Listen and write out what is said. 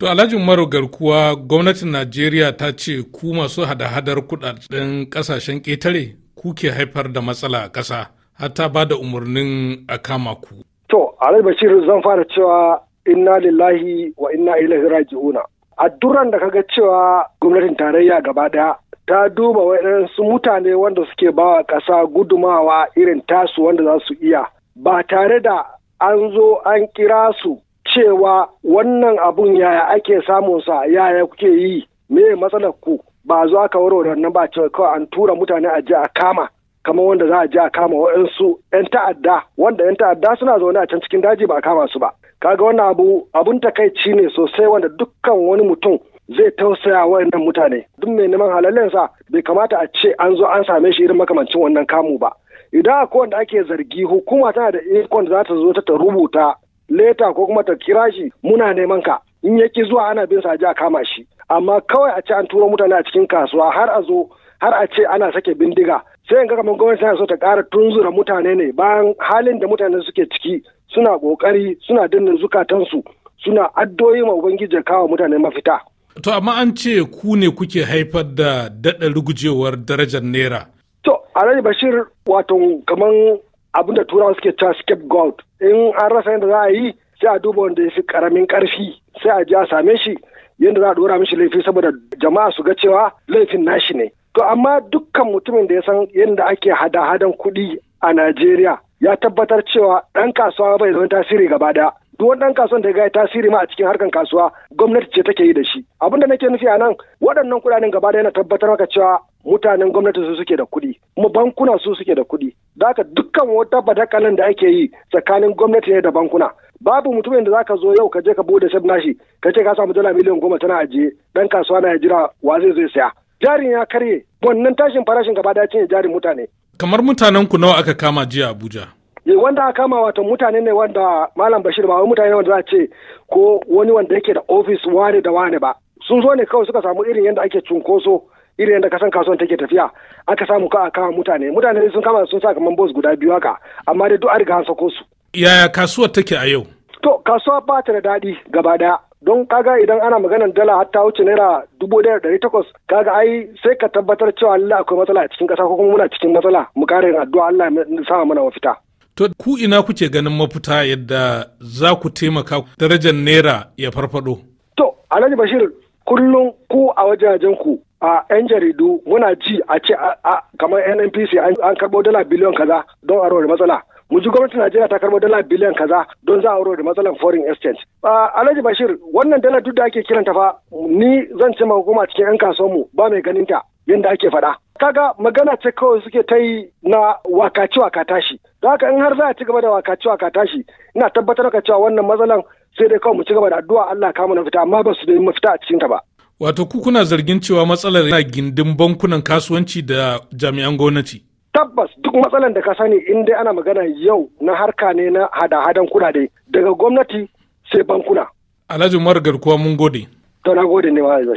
To alhajin Marogar garkuwa gwamnatin Najeriya ta ce ku masu hada-hadar kudaden kasashen ƙetare ku ke haifar da matsala a ƙasa har ta ba da umarnin a kama ku. To Alhaji Bashir zan fara cewa inna lillahi wa inna ilaihi raji'una. A duran da kaga cewa gwamnatin tarayya gaba daya ta duba waɗansu mutane wanda suke bawa ƙasa gudumawa irin tasu wanda za su iya ba tare da an zo an kira su cewa wannan abun yaya ake samunsa yaya kuke yi me matsalar ku ba za ka warware wannan ba ce kawai an tura mutane a je a kama kamar wanda za a je a kama waɗansu 'yan ta'adda wanda 'yan ta'adda suna zaune a can cikin daji ba a kama su ba kaga wannan abu abun takaici ne sosai wanda dukkan wani mutum zai tausaya waɗannan mutane duk mai neman sa, bai kamata a ce an zo an same shi irin makamancin wannan kamu ba idan akwai wanda ake zargi hukuma tana da ikon da za ta zo ta rubuta leta ko kuma ta kira shi muna neman ka in ya ki zuwa ana bin sa a kama shi amma kawai a ce an turo mutane a cikin kasuwa har a zo har a ce ana sake bindiga sai ga kamar gwamnati tana so ta ƙara tunzura mutane ne bayan halin da mutane suke ciki suna ƙoƙari suna danna zukatansu suna addoyi ma ubangiji kawo mutane mafita to amma an ce ku ne kuke haifar da daɗa rugujewar darajar naira to alhaji bashir wato kamar. abin da turawa suke cewa gold in an rasa yadda za a yi sai a duba wanda ya fi karamin karfi sai a je a same shi yadda za a dora mishi laifi saboda jama'a su ga cewa laifin nashi ne to amma dukkan mutumin da ya san yadda ake hada-hadan kuɗi a Najeriya ya tabbatar cewa ɗan kasuwa bai zama tasiri gaba ɗaya. duk wani ɗan kasuwan da ya gaya tasiri ma a cikin harkan kasuwa gwamnati ce take yi da shi abinda nake nufi a nan waɗannan kuɗaɗen gaba ɗaya yana tabbatar maka cewa mutanen gwamnati su suke da kuɗi kuma bankuna su suke da kuɗi zaka dukkan wata badakalan da ake yi tsakanin gwamnati ne da bankuna babu mutumin da ka zo yau ka je ka bude shaf nashi ka ce ka samu dala miliyan goma tana ajiye dan kasuwa na ya jira wa zai zai saya jarin ya karye wannan tashin farashin gaba daya cinye jarin mutane kamar mutanen ku nawa aka kama jiya Abuja eh, wanda aka kama wato mutane ne wanda malam Bashir ba mutane wanda za ce ko wani wanda yake da ofis wane da wane ba sun zo ne kawai suka samu irin yadda ake cunkoso irin yadda kasan kasuwan take tafiya aka samu ka a kama mutane mutane sun kama sun sa kaman bos guda biyu haka amma dai duk an riga an sako su yaya kasuwar take a yau to kasuwa ba ta da daɗi gaba daya don kaga idan ana maganar dala hatta wuce naira dubu ɗaya ɗari takwas kaga ai sai ka tabbatar cewa Allah akwai matsala a cikin ƙasa ko kuma muna cikin matsala mu ƙara addu'a Allah ya sa mana mafita. To ku ina kuke ganin mafita yadda za ku taimaka darajar naira ya farfado? To Alhaji Bashir kullum ku a wajajen ku a yan jaridu muna ji a ce kamar nnpc an karɓo dala biliyan kaza don da matsala mu ji gwamnatin Najeriya ta karɓo dala biliyan kaza don za a da matsalan foreign exchange. Alhaji Bashir wannan dala duk da ake kiranta fa ni zan ce ma hukuma cikin 'yan kasuwan mu ba mai ganin ta yadda ake faɗa. Kaga magana ce kawai suke ta yi na wakaci waka tashi. Don haka in har za a ci gaba da wakaci waka tashi ina tabbatar da cewa wannan matsalan sai dai kawai mu ci gaba da addu'a Allah kama na fita amma ba su da mafita a cikin ta ba. Wato ku kuna zargin cewa matsalar yana gindin bankunan kasuwanci da jami'an gwamnati. Tabbas duk matsalar da ka sani in dai ana magana yau na harka ne na hada-hadan kudade daga gwamnati sai bankuna. Alhaji Umar Garkuwa mun gode. Tana gode ne ma